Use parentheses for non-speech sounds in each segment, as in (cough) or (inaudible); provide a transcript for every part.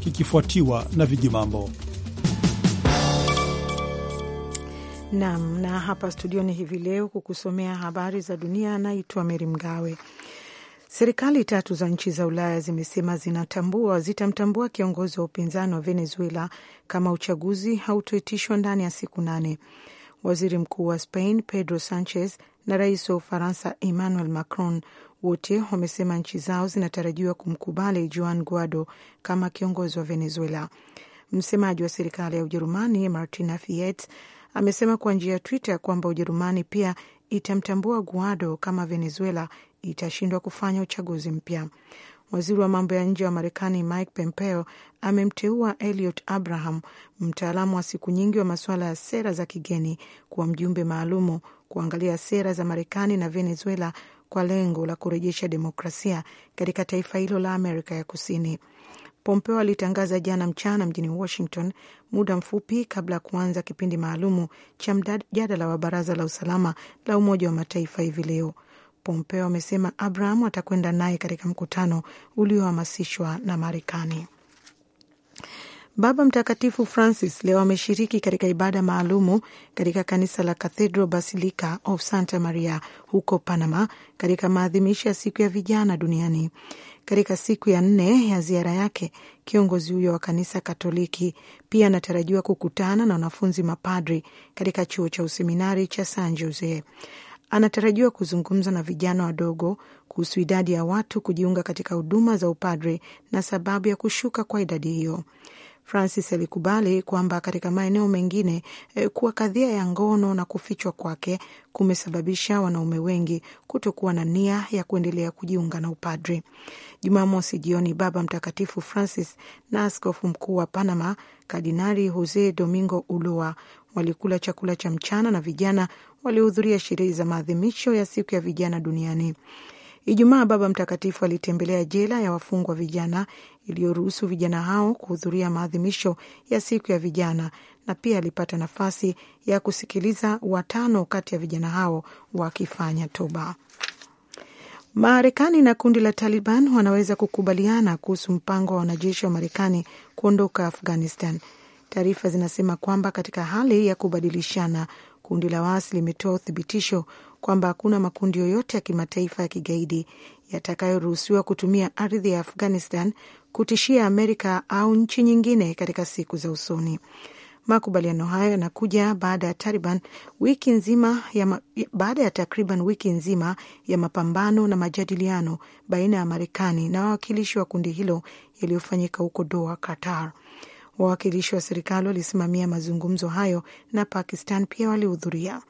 kikifuatiwa na vijimambo. Naam, na hapa studioni hivi leo kukusomea habari za dunia, anaitwa Meri Mgawe. Serikali tatu za nchi za Ulaya zimesema zinatambua zitamtambua kiongozi wa upinzani wa Venezuela kama uchaguzi hautoitishwa ndani ya siku nane. Waziri Mkuu wa Spain Pedro Sanchez na rais wa Ufaransa Emmanuel Macron wote wamesema nchi zao zinatarajiwa kumkubali Juan Guaido kama kiongozi wa Venezuela. Msemaji wa serikali ya Ujerumani Martina Fietz amesema kwa njia ya Twitter kwamba Ujerumani pia itamtambua Guaido kama Venezuela itashindwa kufanya uchaguzi mpya. Waziri wa mambo ya nje wa Marekani Mike Pompeo amemteua Eliot Abraham, mtaalamu wa siku nyingi wa masuala ya sera za kigeni, kuwa mjumbe maalumu kuangalia sera za Marekani na Venezuela kwa lengo la kurejesha demokrasia katika taifa hilo la Amerika ya Kusini. Pompeo alitangaza jana mchana mjini Washington, muda mfupi kabla ya kuanza kipindi maalumu cha mjadala wa Baraza la Usalama la Umoja wa Mataifa hivi leo. Pompeo amesema Abraham atakwenda naye katika mkutano uliohamasishwa na Marekani. Baba Mtakatifu Francis leo ameshiriki katika ibada maalumu katika kanisa la Cathedral Basilica of Santa Maria huko Panama, katika maadhimisho ya siku ya vijana duniani. Katika siku ya nne ya ziara yake, kiongozi huyo wa kanisa Katoliki pia anatarajiwa kukutana na wanafunzi mapadri katika chuo cha useminari cha San Jose. Anatarajiwa kuzungumza na vijana wadogo kuhusu idadi ya watu kujiunga katika huduma za upadri na sababu ya kushuka kwa idadi hiyo. Francis alikubali kwamba katika maeneo mengine e, kuwa kadhia ya ngono na kufichwa kwake kumesababisha wanaume wengi kutokuwa na nia ya kuendelea kujiunga na upadri. Jumamosi jioni Baba Mtakatifu Francis na askofu mkuu wa Panama Kardinali Jose Domingo Ulua walikula chakula cha mchana na vijana waliohudhuria sherehe za maadhimisho ya siku ya vijana duniani. Ijumaa Baba Mtakatifu alitembelea jela ya wafungwa vijana iliyoruhusu vijana hao kuhudhuria maadhimisho ya siku ya vijana, na pia alipata nafasi ya kusikiliza watano kati ya vijana hao wakifanya toba. Marekani na kundi la Taliban wanaweza kukubaliana kuhusu mpango wa wanajeshi wa Marekani kuondoka Afghanistan. Taarifa zinasema kwamba katika hali ya kubadilishana kundi la waasi limetoa uthibitisho kwamba hakuna makundi yoyote ya kimataifa ya kigaidi yatakayoruhusiwa kutumia ardhi ya Afghanistan kutishia Amerika au nchi nyingine katika siku za usoni. Makubaliano hayo yanakuja baada ya takriban wiki nzima ya, baada ya takriban wiki nzima ya mapambano na majadiliano baina ya Marekani na wawakilishi wa kundi hilo yaliyofanyika huko Doha, Qatar. Wawakilishi wa serikali walisimamia mazungumzo hayo na Pakistan pia walihudhuria.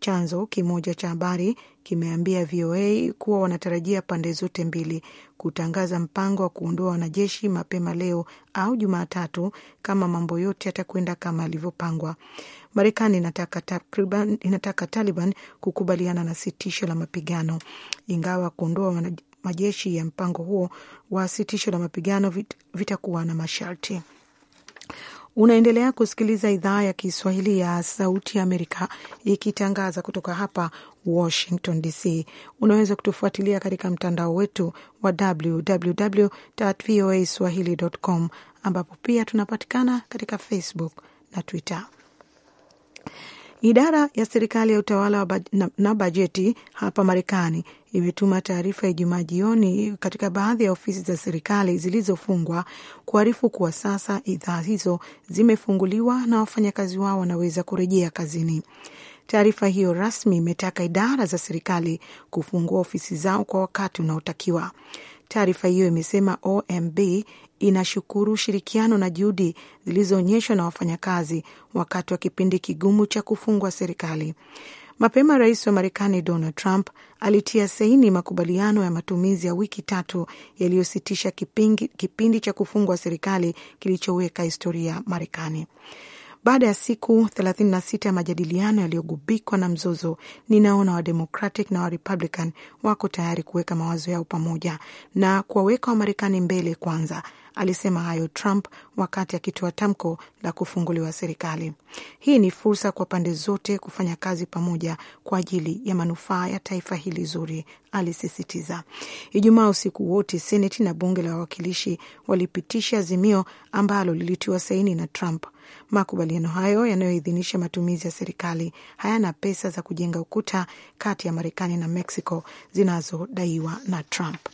Chanzo kimoja cha habari kimeambia VOA kuwa wanatarajia pande zote mbili kutangaza mpango wa kuondoa wanajeshi mapema leo au Jumatatu kama mambo yote yatakwenda kama yalivyopangwa. Marekani inataka, takriban, inataka Taliban kukubaliana na sitisho la mapigano ingawa kuondoa majeshi ya mpango huo wa sitisho la mapigano vitakuwa na masharti. Unaendelea kusikiliza idhaa ya Kiswahili ya Sauti ya Amerika ikitangaza kutoka hapa Washington DC. Unaweza kutufuatilia katika mtandao wetu wa www voa swahili.com, ambapo pia tunapatikana katika Facebook na Twitter. Idara ya serikali ya utawala baj na, na bajeti hapa Marekani imetuma taarifa ya Ijumaa jioni katika baadhi ya ofisi za serikali zilizofungwa kuarifu kuwa sasa idhaa hizo zimefunguliwa na wafanyakazi wao wanaweza kurejea kazini. Taarifa hiyo rasmi imetaka idara za serikali kufungua ofisi zao kwa wakati unaotakiwa. Taarifa hiyo imesema OMB inashukuru ushirikiano na juhudi zilizoonyeshwa na wafanyakazi wakati wa kipindi kigumu cha kufungwa serikali. Mapema rais wa Marekani Donald Trump alitia saini makubaliano ya matumizi ya wiki tatu yaliyositisha kipindi cha kufungwa serikali kilichoweka historia Marekani. Baada ya siku 36 ya majadiliano yaliyogubikwa na mzozo, ninaona wademokratic na Warepublican wako tayari kuweka mawazo yao pamoja na kuwaweka Wamarekani mbele kwanza, Alisema hayo Trump wakati akitoa tamko la kufunguliwa serikali. Hii ni fursa kwa pande zote kufanya kazi pamoja kwa ajili ya manufaa ya taifa hili zuri, alisisitiza. Ijumaa usiku wote Seneti na bunge la wawakilishi walipitisha azimio ambalo lilitiwa saini na Trump. Makubaliano hayo yanayoidhinisha matumizi ya serikali hayana pesa za kujenga ukuta kati ya Marekani na Mexico zinazodaiwa na Trump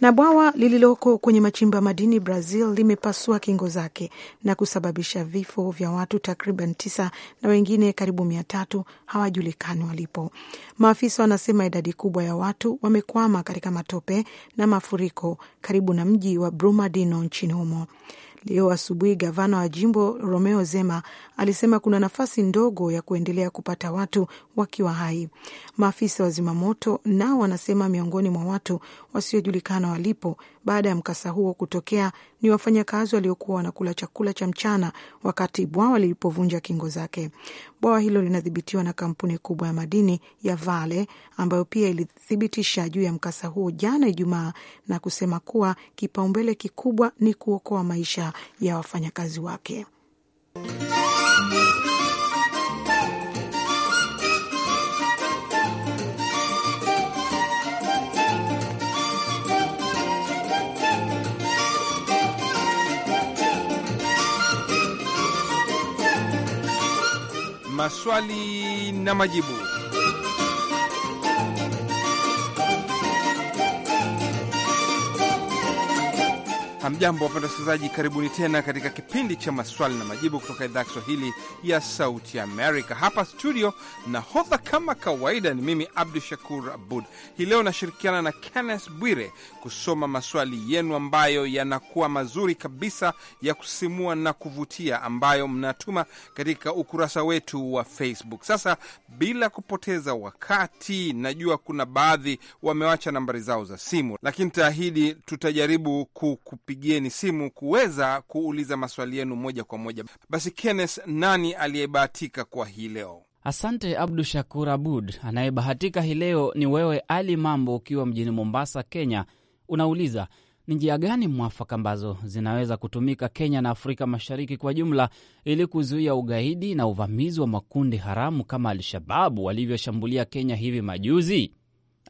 na bwawa lililoko kwenye machimba madini Brazil limepasua kingo zake na kusababisha vifo vya watu takriban tisa na wengine karibu mia tatu hawajulikani walipo. Maafisa wanasema idadi kubwa ya watu wamekwama katika matope na mafuriko karibu na mji wa Brumadinho nchini humo. Leo asubuhi gavana wa jimbo Romeo Zema alisema kuna nafasi ndogo ya kuendelea kupata watu wakiwa hai. Maafisa wa zimamoto nao wanasema miongoni mwa watu wasiojulikana walipo baada ya mkasa huo kutokea ni wafanyakazi waliokuwa wanakula chakula cha mchana wakati bwawa lilipovunja kingo zake. Bwawa hilo linadhibitiwa na kampuni kubwa ya madini ya Vale ambayo pia ilithibitisha juu ya mkasa huo jana Ijumaa na kusema kuwa kipaumbele kikubwa ni kuokoa maisha ya wafanyakazi wake. maswali na majibu. Hamjambo, wapenda wasikilizaji, karibuni tena katika kipindi cha maswali na majibu kutoka idhaa ya Kiswahili ya Sauti Amerika hapa studio. Nahodha kama kawaida ni mimi Abdu Shakur Abud. Hii leo nashirikiana na Kenneth Bwire kusoma maswali yenu ambayo yanakuwa mazuri kabisa ya kusimua na kuvutia, ambayo mnatuma katika ukurasa wetu wa Facebook. Sasa bila kupoteza wakati, najua kuna baadhi wamewacha nambari zao za simu, lakini taahidi tutajaribu kukupigia tupigieni simu kuweza kuuliza maswali yenu moja kwa moja. Basi Kenneth, nani aliyebahatika kwa hii leo? Asante Abdu Shakur Abud. Anayebahatika hii leo ni wewe Ali Mambo, ukiwa mjini Mombasa, Kenya. Unauliza ni njia gani mwafaka ambazo zinaweza kutumika Kenya na Afrika Mashariki kwa jumla ili kuzuia ugaidi na uvamizi wa makundi haramu kama Al-Shababu walivyoshambulia Kenya hivi majuzi.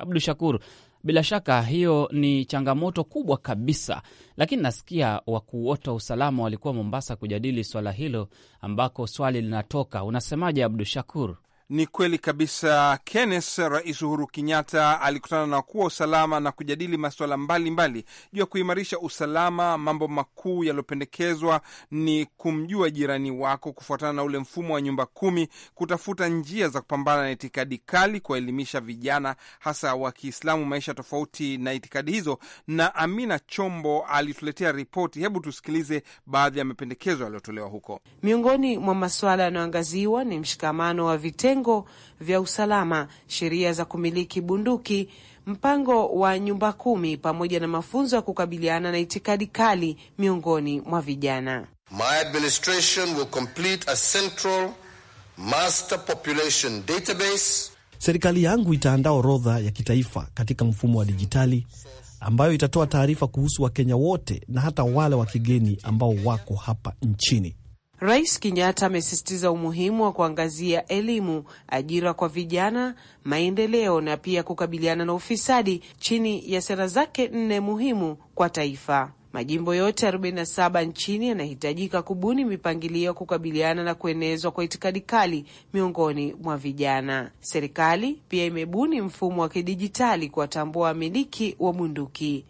Abdu Shakur, bila shaka hiyo ni changamoto kubwa kabisa, lakini nasikia wakuu wote wa usalama walikuwa Mombasa kujadili swala hilo, ambako swali linatoka, unasemaje Abdu Shakur? Ni kweli kabisa Kenneth. Rais Uhuru Kenyatta alikutana na wakuu wa usalama na kujadili masuala mbalimbali juu ya kuimarisha usalama. Mambo makuu yaliyopendekezwa ni kumjua jirani wako kufuatana na ule mfumo wa nyumba kumi, kutafuta njia za kupambana na itikadi kali, kuwaelimisha vijana hasa wa Kiislamu maisha tofauti na itikadi hizo. Na Amina Chombo alituletea ripoti. Hebu tusikilize baadhi ya mapendekezo yaliyotolewa huko. Miongoni mwa masuala yanayoangaziwa ni mshikamano wa vitengo vitengo vya usalama, sheria za kumiliki bunduki, mpango wa nyumba kumi, pamoja na mafunzo ya kukabiliana na itikadi kali miongoni mwa vijana. My administration will complete a central master population database. Serikali yangu itaandaa orodha ya kitaifa katika mfumo wa dijitali ambayo itatoa taarifa kuhusu Wakenya wote na hata wale wa kigeni ambao wako hapa nchini. Rais Kenyatta amesisitiza umuhimu wa kuangazia elimu, ajira kwa vijana, maendeleo na pia kukabiliana na ufisadi chini ya sera zake nne muhimu kwa taifa. Majimbo yote 47 nchini yanahitajika kubuni mipangilio ya kukabiliana na kuenezwa kwa itikadi kali miongoni mwa vijana. Serikali pia imebuni mfumo wa kidijitali kuwatambua wamiliki wa bunduki.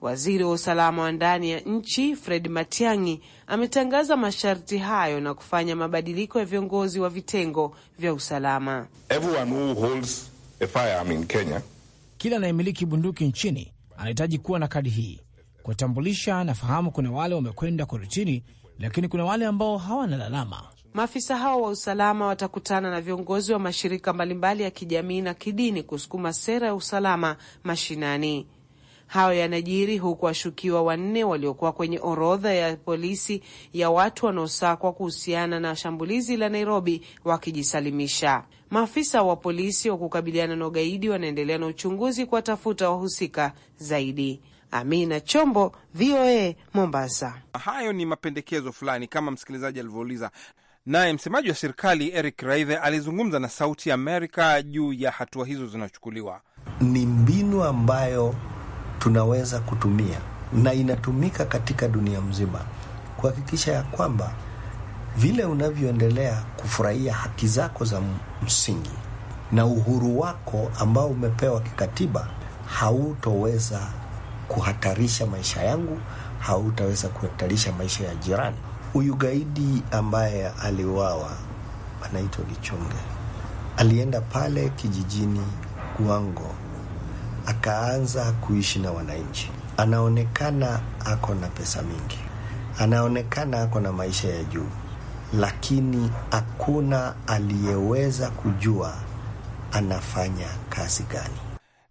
Waziri wa usalama wa ndani ya nchi Fred Matiang'i ametangaza masharti hayo na kufanya mabadiliko ya viongozi wa vitengo vya usalama. Kila anayemiliki bunduki nchini anahitaji kuwa na kadi hii kuwatambulisha. Nafahamu kuna wale wamekwenda kortini, lakini kuna wale ambao hawana lalama. Maafisa hao wa usalama watakutana na viongozi wa mashirika mbalimbali ya kijamii na kidini kusukuma sera ya usalama mashinani. Hayo yanajiri huku washukiwa wanne waliokuwa kwenye orodha ya polisi ya watu wanaosakwa kuhusiana na shambulizi la Nairobi wakijisalimisha. Maafisa wa polisi wa kukabiliana na ugaidi wanaendelea na uchunguzi kuwatafuta wahusika zaidi. Amina Chombo, VOA, Mombasa. Hayo ni mapendekezo fulani kama msikilizaji alivyouliza. Naye msemaji wa serikali Eric Raithe alizungumza na Sauti ya Amerika juu ya hatua hizo zinachukuliwa. Ni mbinu ambayo tunaweza kutumia na inatumika katika dunia mzima kuhakikisha ya kwamba vile unavyoendelea kufurahia haki zako za msingi na uhuru wako ambao umepewa kikatiba, hautoweza kuhatarisha maisha yangu, hautaweza kuhatarisha maisha ya jirani. Huyu gaidi ambaye aliuawa anaitwa Gichunge alienda pale kijijini Guango akaanza kuishi na wananchi. Anaonekana ako na pesa mingi, anaonekana ako na maisha ya juu, lakini hakuna aliyeweza kujua anafanya kazi gani.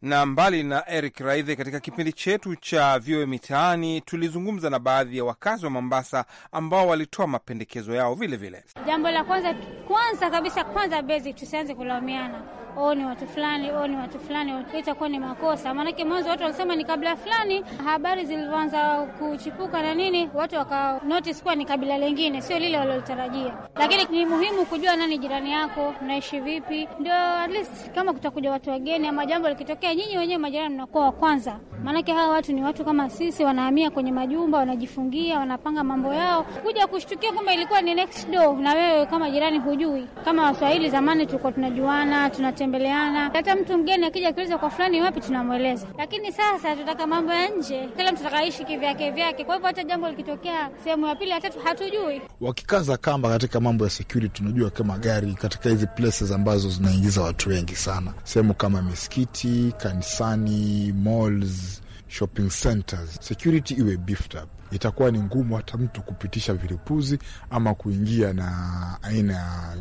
Na mbali na Eric Raithe, katika kipindi chetu cha Vyowe Mitaani tulizungumza na baadhi ya wakazi wa Mombasa ambao walitoa mapendekezo yao vilevile vile. Jambo la kwanza kwanza kabisa, kwanza basic, tusianze kulaumiana oh, ni watu fulani, oh, ni watu fulani, itakuwa ni makosa. Maanake mwanzo watu walisema ni kabila fulani, habari zilivyoanza kuchipuka na nini, watu waka notice kuwa ni kabila lingine, sio lile walilotarajia. Lakini ni muhimu kujua nani jirani yako, unaishi vipi, ndio at least kama kutakuja watu wageni ama jambo likitokea, nyinyi wenyewe majirani mnakuwa wa kwanza, maanake hawa watu ni watu kama sisi, wanahamia kwenye majumba, wanajifungia, wanapanga mambo yao, kuja kushtukia kwamba ilikuwa ni next door, na wewe kama jirani hujui. Kama Waswahili zamani tulikuwa tunajuana, tunatembea kutembeleana. Hata mtu mgeni akija kuuliza kwa fulani wapi, tunamweleza. Lakini sasa tunataka mambo ya nje, kila mtu atakaishi kivyake vyake. Kwa hivyo hata jambo likitokea sehemu ya pili ya tatu hatujui. Wakikaza kamba katika mambo ya security, tunajua kama gari katika hizi places ambazo zinaingiza watu wengi sana, sehemu kama misikiti, kanisani, malls, shopping centers, security iwe beefed up itakuwa ni ngumu hata mtu kupitisha vilipuzi ama kuingia na aina ya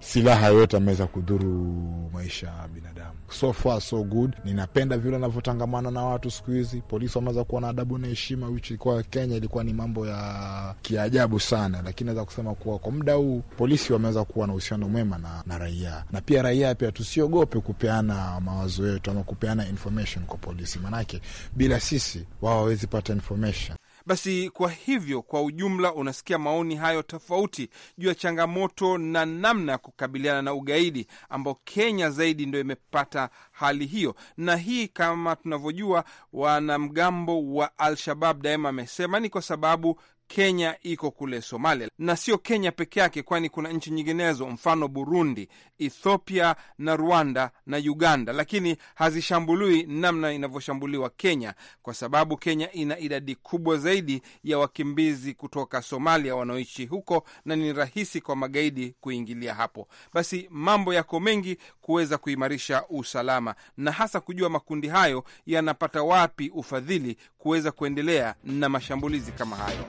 silaha yoyote ameweza kudhuru maisha ya binadamu. So far so good. Ninapenda vile anavyotangamana na watu siku hizi, polisi wameweza kuwa na adabu na heshima, which ilikuwa Kenya ilikuwa ni mambo ya kiajabu sana, lakini naweza kusema kuwa kwa muda huu polisi wameweza kuwa na uhusiano mwema na, na raia na pia raia pia tusiogope kupeana mawazo yetu ama kupeana information kwa polisi, manake bila sisi wao hawawezi pata information. Basi kwa hivyo, kwa ujumla, unasikia maoni hayo tofauti juu ya changamoto na namna ya kukabiliana na ugaidi, ambao Kenya zaidi ndio imepata hali hiyo. Na hii kama tunavyojua, wanamgambo wa Al-Shabab daima amesema ni kwa sababu Kenya iko kule Somalia, na sio Kenya peke yake, kwani kuna nchi nyinginezo, mfano Burundi, Ethiopia na Rwanda na Uganda, lakini hazishambuliwi namna inavyoshambuliwa Kenya, kwa sababu Kenya ina idadi kubwa zaidi ya wakimbizi kutoka Somalia wanaoishi huko, na ni rahisi kwa magaidi kuingilia hapo. Basi mambo yako mengi kuweza kuimarisha usalama, na hasa kujua makundi hayo yanapata wapi ufadhili kuweza kuendelea na mashambulizi kama hayo.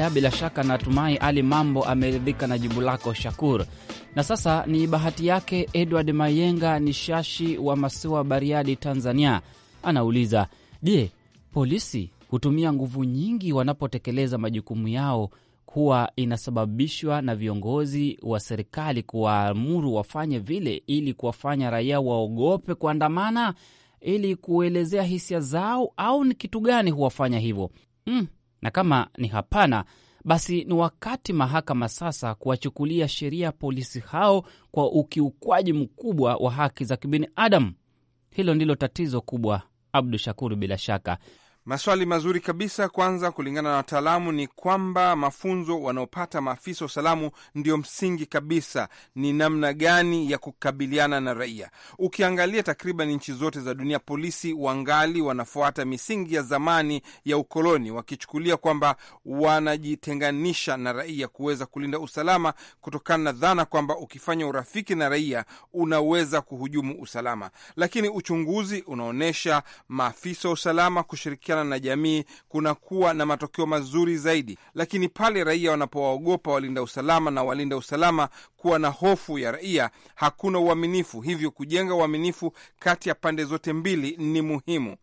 haya, bila shaka natumai Ali Mambo ameridhika na jibu lako Shakur. Na sasa ni bahati yake Edward Mayenga ni shashi wa Masiwa, Bariadi, Tanzania. Anauliza, je, polisi hutumia nguvu nyingi wanapotekeleza majukumu yao kuwa inasababishwa na viongozi wa serikali kuwaamuru wafanye vile ili kuwafanya raia waogope kuandamana ili kuelezea hisia zao, au ni kitu gani huwafanya hivyo? Mm, na kama ni hapana, basi ni wakati mahakama sasa kuwachukulia sheria polisi hao kwa ukiukwaji mkubwa wa haki za kibinadamu. Hilo ndilo tatizo kubwa, Abdu Shakuru. Bila shaka Maswali mazuri kabisa. Kwanza, kulingana na wataalamu ni kwamba mafunzo wanaopata maafisa wa usalamu ndio msingi kabisa, ni namna gani ya kukabiliana na raia. Ukiangalia takriban nchi zote za dunia, polisi wangali wanafuata misingi ya zamani ya ukoloni, wakichukulia kwamba wanajitenganisha na raia kuweza kulinda usalama, kutokana na dhana kwamba ukifanya urafiki na raia unaweza kuhujumu usalama. Lakini uchunguzi unaonyesha maafisa wa usalama kushirikiana kushirikiana na jamii kunakuwa na matokeo mazuri zaidi, lakini pale raia wanapowaogopa walinda usalama na walinda usalama kuwa na hofu ya raia, hakuna uaminifu. Hivyo kujenga uaminifu kati ya pande zote mbili ni muhimu.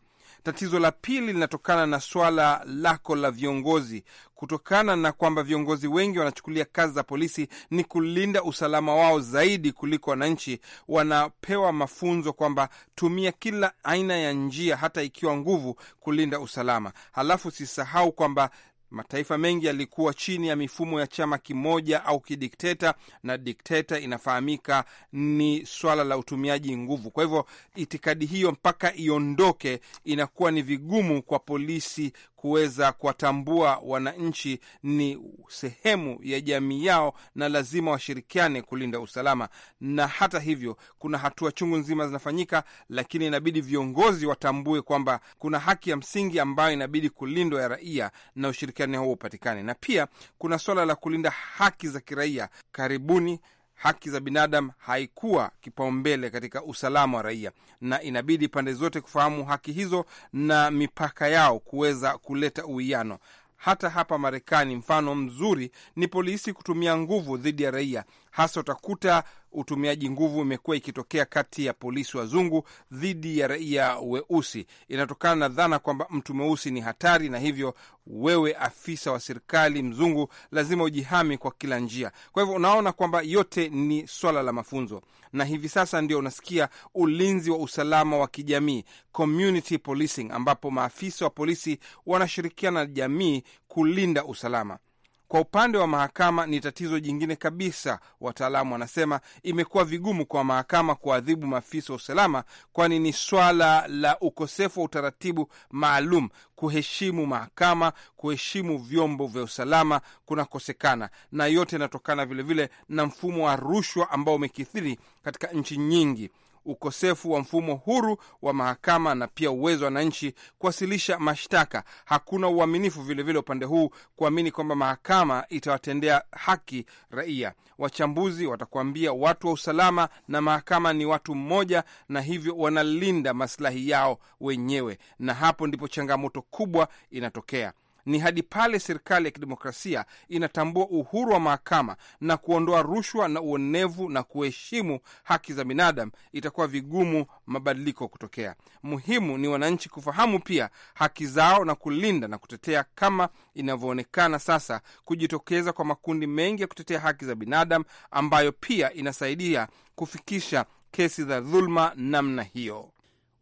Tatizo la pili linatokana na swala lako la viongozi, kutokana na kwamba viongozi wengi wanachukulia kazi za polisi ni kulinda usalama wao zaidi kuliko wananchi. Wanapewa mafunzo kwamba tumia kila aina ya njia, hata ikiwa nguvu, kulinda usalama. Halafu sisahau kwamba Mataifa mengi yalikuwa chini ya mifumo ya chama kimoja au kidikteta, na dikteta inafahamika ni swala la utumiaji nguvu. Kwa hivyo itikadi hiyo mpaka iondoke, inakuwa ni vigumu kwa polisi kuweza kuwatambua wananchi ni sehemu ya jamii yao na lazima washirikiane kulinda usalama. Na hata hivyo, kuna hatua chungu nzima zinafanyika, lakini inabidi viongozi watambue kwamba kuna haki ya msingi ambayo inabidi kulindwa ya raia na ushirikiano huo upatikane. Na pia kuna suala la kulinda haki za kiraia. Karibuni haki za binadamu haikuwa kipaumbele katika usalama wa raia, na inabidi pande zote kufahamu haki hizo na mipaka yao kuweza kuleta uwiano. Hata hapa Marekani mfano mzuri ni polisi kutumia nguvu dhidi ya raia Hasa utakuta utumiaji nguvu imekuwa ikitokea kati ya polisi wazungu dhidi ya raia weusi. Inatokana na dhana kwamba mtu mweusi ni hatari, na hivyo wewe afisa wa serikali mzungu lazima ujihami kwa kila njia. Kwa hivyo unaona kwamba yote ni swala la mafunzo, na hivi sasa ndio unasikia ulinzi wa usalama wa kijamii, community policing, ambapo maafisa wa polisi wanashirikiana na jamii kulinda usalama. Kwa upande wa mahakama ni tatizo jingine kabisa. Wataalamu wanasema imekuwa vigumu kwa mahakama kuadhibu maafisa wa usalama, kwani ni swala la ukosefu wa utaratibu maalum. Kuheshimu mahakama, kuheshimu vyombo vya usalama kunakosekana, na yote inatokana vilevile na mfumo wa rushwa ambao umekithiri katika nchi nyingi ukosefu wa mfumo huru wa mahakama na pia uwezo wa wananchi kuwasilisha mashtaka. Hakuna uaminifu vilevile upande huu kuamini kwamba mahakama itawatendea haki raia. Wachambuzi watakuambia watu wa usalama na mahakama ni watu mmoja, na hivyo wanalinda masilahi yao wenyewe, na hapo ndipo changamoto kubwa inatokea ni hadi pale serikali ya kidemokrasia inatambua uhuru wa mahakama na kuondoa rushwa na uonevu na kuheshimu haki za binadamu, itakuwa vigumu mabadiliko kutokea. Muhimu ni wananchi kufahamu pia haki zao na kulinda na kutetea, kama inavyoonekana sasa kujitokeza kwa makundi mengi ya kutetea haki za binadamu, ambayo pia inasaidia kufikisha kesi za dhuluma namna hiyo.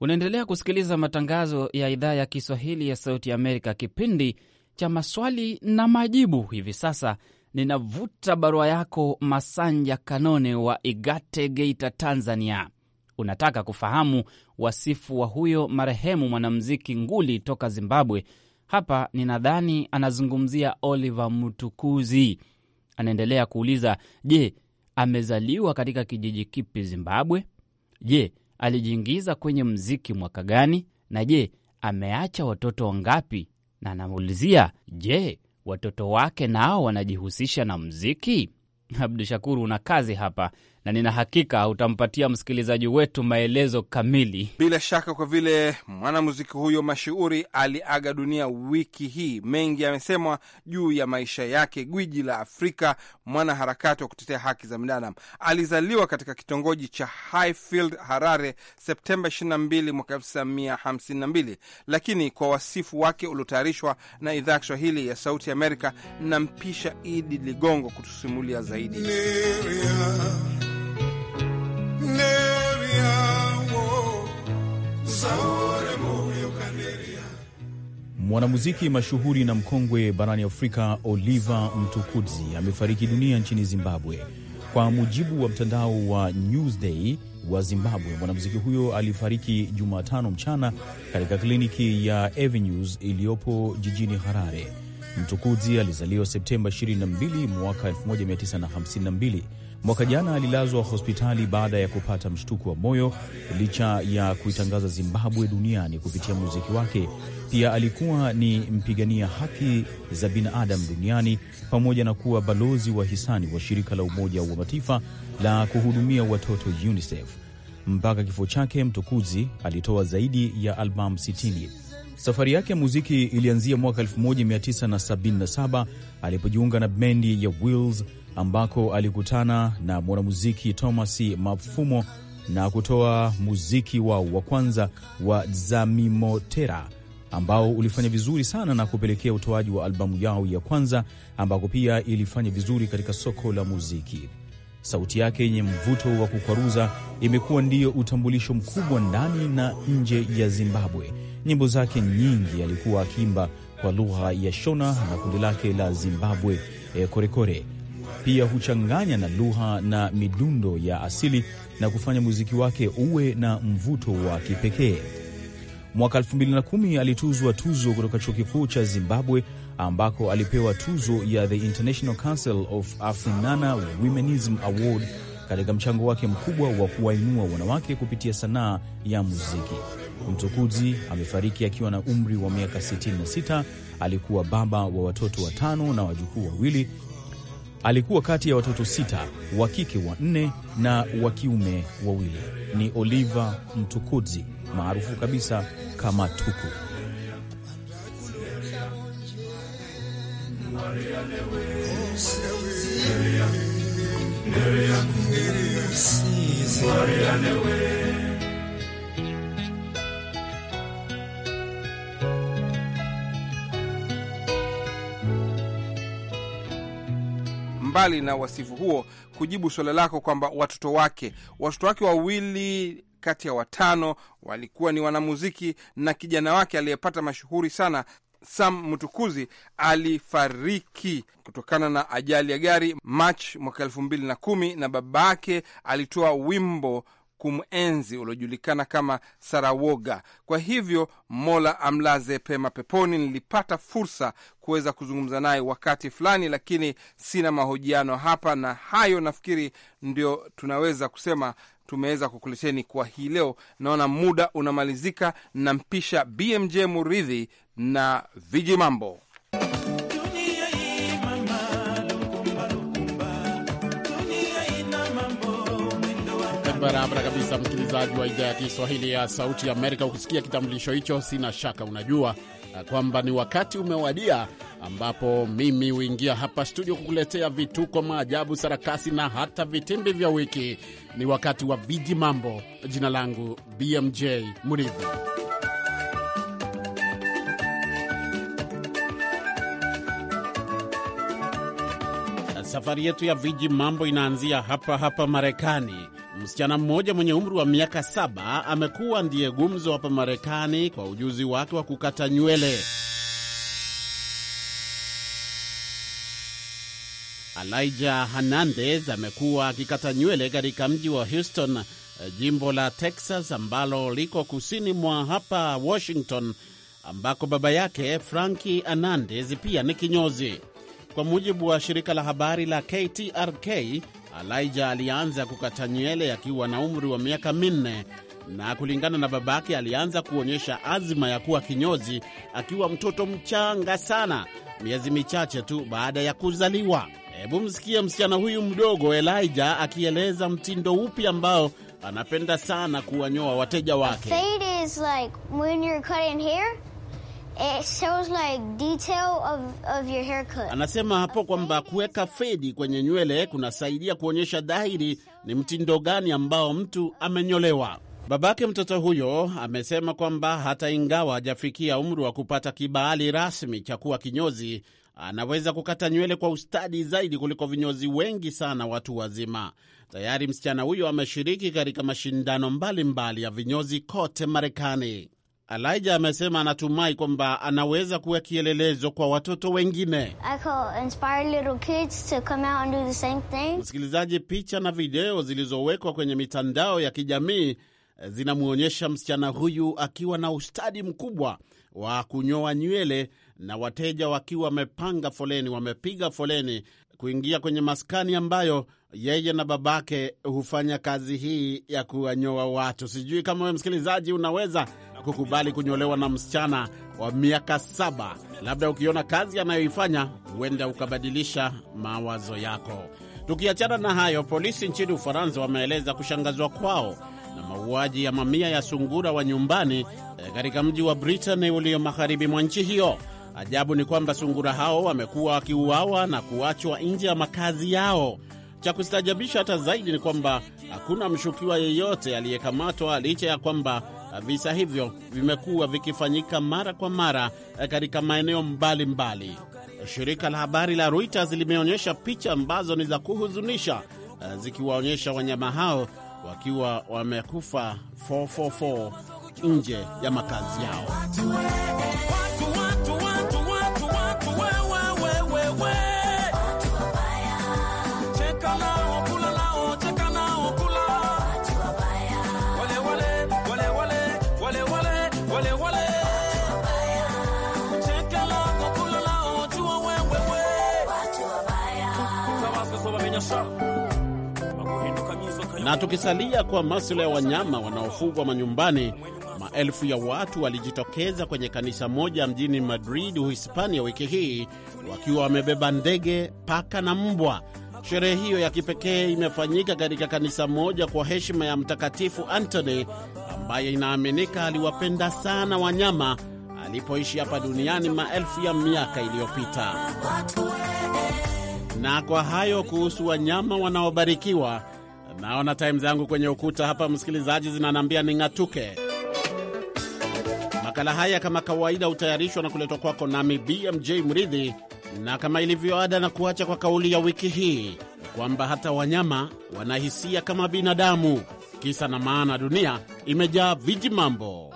Unaendelea kusikiliza matangazo ya idhaa ya Kiswahili ya Sauti ya Amerika, kipindi cha maswali na majibu. Hivi sasa ninavuta barua yako Masanja Kanone wa Igate, Geita, Tanzania. Unataka kufahamu wasifu wa huyo marehemu mwanamuziki nguli toka Zimbabwe. Hapa ninadhani anazungumzia Oliver Mtukudzi. Anaendelea kuuliza, je, amezaliwa katika kijiji kipi Zimbabwe? Je, alijiingiza kwenye mziki mwaka gani? Na je, ameacha watoto wangapi? na anamuulizia je, watoto wake nao wanajihusisha na mziki? (laughs) Abdu Shakuru, una kazi hapa na nina hakika utampatia msikilizaji wetu maelezo kamili. Bila shaka, kwa vile mwanamuziki huyo mashuhuri aliaga dunia wiki hii, mengi yamesemwa juu ya maisha yake. Gwiji la Afrika, mwanaharakati wa kutetea haki za binadamu, alizaliwa katika kitongoji cha Highfield, Harare, Septemba 22 mwaka 1952, lakini kwa wasifu wake uliotayarishwa na idhaa ya Kiswahili ya Sauti Amerika, nampisha Idi Ligongo kutusimulia zaidi Miriam. Mwanamuziki mashuhuri na mkongwe barani Afrika Oliver Mtukudzi amefariki dunia nchini Zimbabwe. Kwa mujibu wa mtandao wa Newsday wa Zimbabwe, mwanamuziki huyo alifariki Jumatano mchana katika kliniki ya Avenues iliyopo jijini Harare. Mtukudzi alizaliwa Septemba 22 mwaka 1952 Mwaka jana alilazwa hospitali baada ya kupata mshtuko wa moyo, licha ya kuitangaza Zimbabwe duniani kupitia muziki wake. Pia alikuwa ni mpigania haki za binadamu duniani pamoja na kuwa balozi wa hisani wa shirika la Umoja wa Mataifa la kuhudumia watoto UNICEF. Mpaka kifo chake, mtukuzi alitoa zaidi ya albamu 60. Safari yake ya muziki ilianzia mwaka 1977 alipojiunga na bendi ya Wills ambako alikutana na mwanamuziki Thomas mafumo na kutoa muziki wao wa kwanza wa zamimotera ambao ulifanya vizuri sana na kupelekea utoaji wa albamu yao ya kwanza ambako pia ilifanya vizuri katika soko la muziki. Sauti yake yenye mvuto wa kukwaruza imekuwa ndiyo utambulisho mkubwa ndani na nje ya Zimbabwe. Nyimbo zake nyingi alikuwa akiimba kwa lugha ya Shona na kundi lake la Zimbabwe eh, Korekore kore, pia huchanganya na lugha na midundo ya asili na kufanya muziki wake uwe na mvuto wa kipekee. Mwaka 2010 alituzwa tuzo kutoka chuo kikuu cha Zimbabwe ambako alipewa tuzo ya the International Council of Afinana Womenism Award katika mchango wake mkubwa wa kuwainua wanawake kupitia sanaa ya muziki. Mtukuzi amefariki akiwa na umri wa miaka 66. Alikuwa baba wa watoto watano na wajukuu wawili Alikuwa kati ya watoto sita, wa kike wanne na wa kiume wawili. Ni Oliver Mtukudzi maarufu kabisa kama Tuku. mbali na wasifu huo, kujibu suala lako kwamba watoto wake watoto wake wawili kati ya watano walikuwa ni wanamuziki, na kijana wake aliyepata mashuhuri sana Sam Mtukuzi alifariki kutokana na ajali ya gari mach mwaka elfu mbili na kumi, na baba yake alitoa wimbo kumenzi uliojulikana kama Sarawoga. Kwa hivyo Mola amlaze pema peponi. Nilipata fursa kuweza kuzungumza naye wakati fulani, lakini sina mahojiano hapa, na hayo nafikiri ndio tunaweza kusema tumeweza kukuleteni kwa hii leo. Naona muda unamalizika, nampisha BMJ Muridhi na viji mambo. barabara kabisa, msikilizaji wa idhaa ya Kiswahili ya Sauti ya Amerika. Ukisikia kitambulisho hicho, sina shaka unajua uh, kwamba ni wakati umewadia ambapo mimi huingia hapa studio kukuletea vituko, maajabu, sarakasi na hata vitimbi vya wiki. Ni wakati wa viji mambo. Jina langu BMJ Murithi. Safari yetu ya viji mambo inaanzia hapa hapa Marekani Msichana mmoja mwenye umri wa miaka saba amekuwa ndiye gumzo hapa Marekani kwa ujuzi wake wa kukata nywele. Elijah Hernandez amekuwa akikata nywele katika mji wa Houston, eh, jimbo la Texas ambalo liko kusini mwa hapa Washington, ambako baba yake Frankie Hernandez pia ni kinyozi. Kwa mujibu wa shirika la habari la KTRK, Elijah alianza kukata nywele akiwa na umri wa miaka minne na kulingana na babake, alianza kuonyesha azma ya kuwa kinyozi akiwa mtoto mchanga sana, miezi michache tu baada ya kuzaliwa. Hebu msikie msichana huyu mdogo Elijah akieleza mtindo upi ambao anapenda sana kuwanyoa wateja wake. It shows like detail of, of your haircut. Anasema hapo kwamba kuweka fedi kwenye nywele kunasaidia kuonyesha dhahiri ni mtindo gani ambao mtu amenyolewa. Babake mtoto huyo amesema kwamba hata ingawa hajafikia umri wa kupata kibali rasmi cha kuwa kinyozi, anaweza kukata nywele kwa ustadi zaidi kuliko vinyozi wengi sana watu wazima. Tayari msichana huyo ameshiriki katika mashindano mbalimbali mbali ya vinyozi kote Marekani. Alaija amesema anatumai kwamba anaweza kuwa kielelezo kwa watoto wengine. Msikilizaji, picha na video zilizowekwa kwenye mitandao ya kijamii eh, zinamwonyesha msichana huyu akiwa na ustadi mkubwa wa kunyoa nywele na wateja wakiwa wamepanga foleni, wamepiga foleni kuingia kwenye maskani ambayo yeye na babake hufanya kazi hii ya kuwanyoa watu. Sijui kama wewe msikilizaji unaweza kukubali kunyolewa na msichana wa miaka saba. Labda ukiona kazi anayoifanya huenda ukabadilisha mawazo yako. Tukiachana na hayo, polisi nchini Ufaransa wameeleza kushangazwa kwao na mauaji ya mamia ya sungura wa nyumbani eh, katika mji wa Britani ulio magharibi mwa nchi hiyo. Ajabu ni kwamba sungura hao wamekuwa wakiuawa na kuachwa nje ya makazi yao. Cha kustajabisha hata zaidi ni kwamba hakuna mshukiwa yeyote aliyekamatwa licha ya kwamba Visa hivyo vimekuwa vikifanyika mara kwa mara katika maeneo mbalimbali mbali. Shirika la habari la Reuters limeonyesha picha ambazo ni za kuhuzunisha zikiwaonyesha wanyama hao wakiwa wamekufa 444 nje ya makazi yao. Na tukisalia kwa masuala ya wanyama wanaofugwa manyumbani, maelfu ya watu walijitokeza kwenye kanisa moja mjini Madrid, Uhispania, wiki hii wakiwa wamebeba ndege, paka na mbwa. Sherehe hiyo ya kipekee imefanyika katika kanisa moja kwa heshima ya Mtakatifu Antony ambaye inaaminika aliwapenda sana wanyama alipoishi hapa duniani maelfu ya miaka iliyopita. Na kwa hayo kuhusu wanyama wanaobarikiwa Naona time zangu kwenye ukuta hapa, msikilizaji, ni ning'atuke. Makala haya kama kawaida hutayarishwa na kuletwa kwako nami BMJ Mridhi, na kama ilivyo ada, na kuacha kwa kauli ya wiki hii kwamba hata wanyama wanahisia kama binadamu. Kisa na maana, dunia imejaa viji mambo.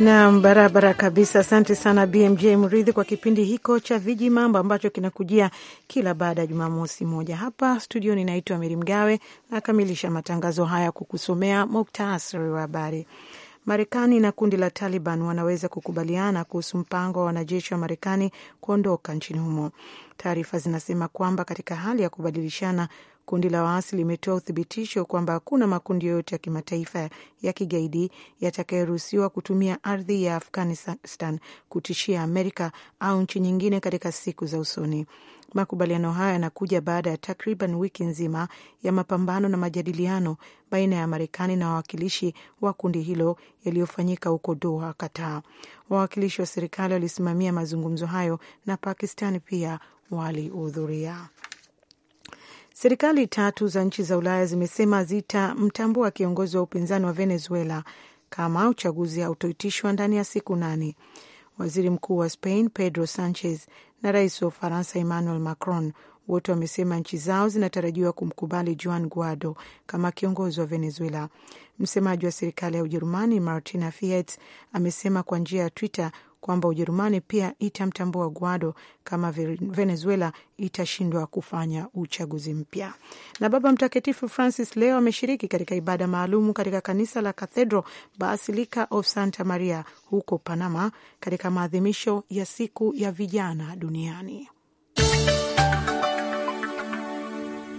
Nam, barabara kabisa. Asante sana BMJ Mridhi kwa kipindi hiko cha viji mambo ambacho kinakujia kila baada ya Jumamosi moja. Hapa studio ninaitwa Meri Mgawe, nakamilisha matangazo haya kukusomea muktasari wa habari. Marekani na kundi la Taliban wanaweza kukubaliana kuhusu mpango wa wanajeshi wa Marekani kuondoka nchini humo. Taarifa zinasema kwamba katika hali ya kubadilishana Kundi la waasi limetoa uthibitisho kwamba hakuna makundi yoyote ya kimataifa ya kigaidi yatakayoruhusiwa kutumia ardhi ya Afghanistan kutishia Amerika au nchi nyingine katika siku za usoni. Makubaliano hayo yanakuja baada ya takriban wiki nzima ya mapambano na majadiliano baina ya Marekani na wawakilishi wa kundi hilo yaliyofanyika huko Doha, Qatar. Wawakilishi wa serikali walisimamia mazungumzo hayo na Pakistani pia walihudhuria. Serikali tatu za nchi za Ulaya zimesema zitamtambua kiongozi wa upinzani wa Venezuela kama uchaguzi hautoitishwa ndani ya siku nane. Waziri mkuu wa Spain Pedro Sanchez na rais wa Ufaransa Emmanuel Macron wote wamesema nchi zao zinatarajiwa kumkubali Juan Guaido kama kiongozi wa Venezuela. Msemaji wa serikali ya Ujerumani Martina Fierz amesema kwa njia ya Twitter kwamba Ujerumani pia itamtambua Guaido kama Venezuela itashindwa kufanya uchaguzi mpya. Na Baba Mtakatifu Francis leo ameshiriki katika ibada maalumu katika kanisa la Cathedral Basilica of Santa Maria huko Panama katika maadhimisho ya siku ya vijana duniani.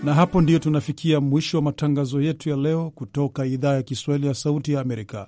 Na hapo ndiyo tunafikia mwisho wa matangazo yetu ya leo kutoka idhaa ya Kiswahili ya Sauti ya Amerika.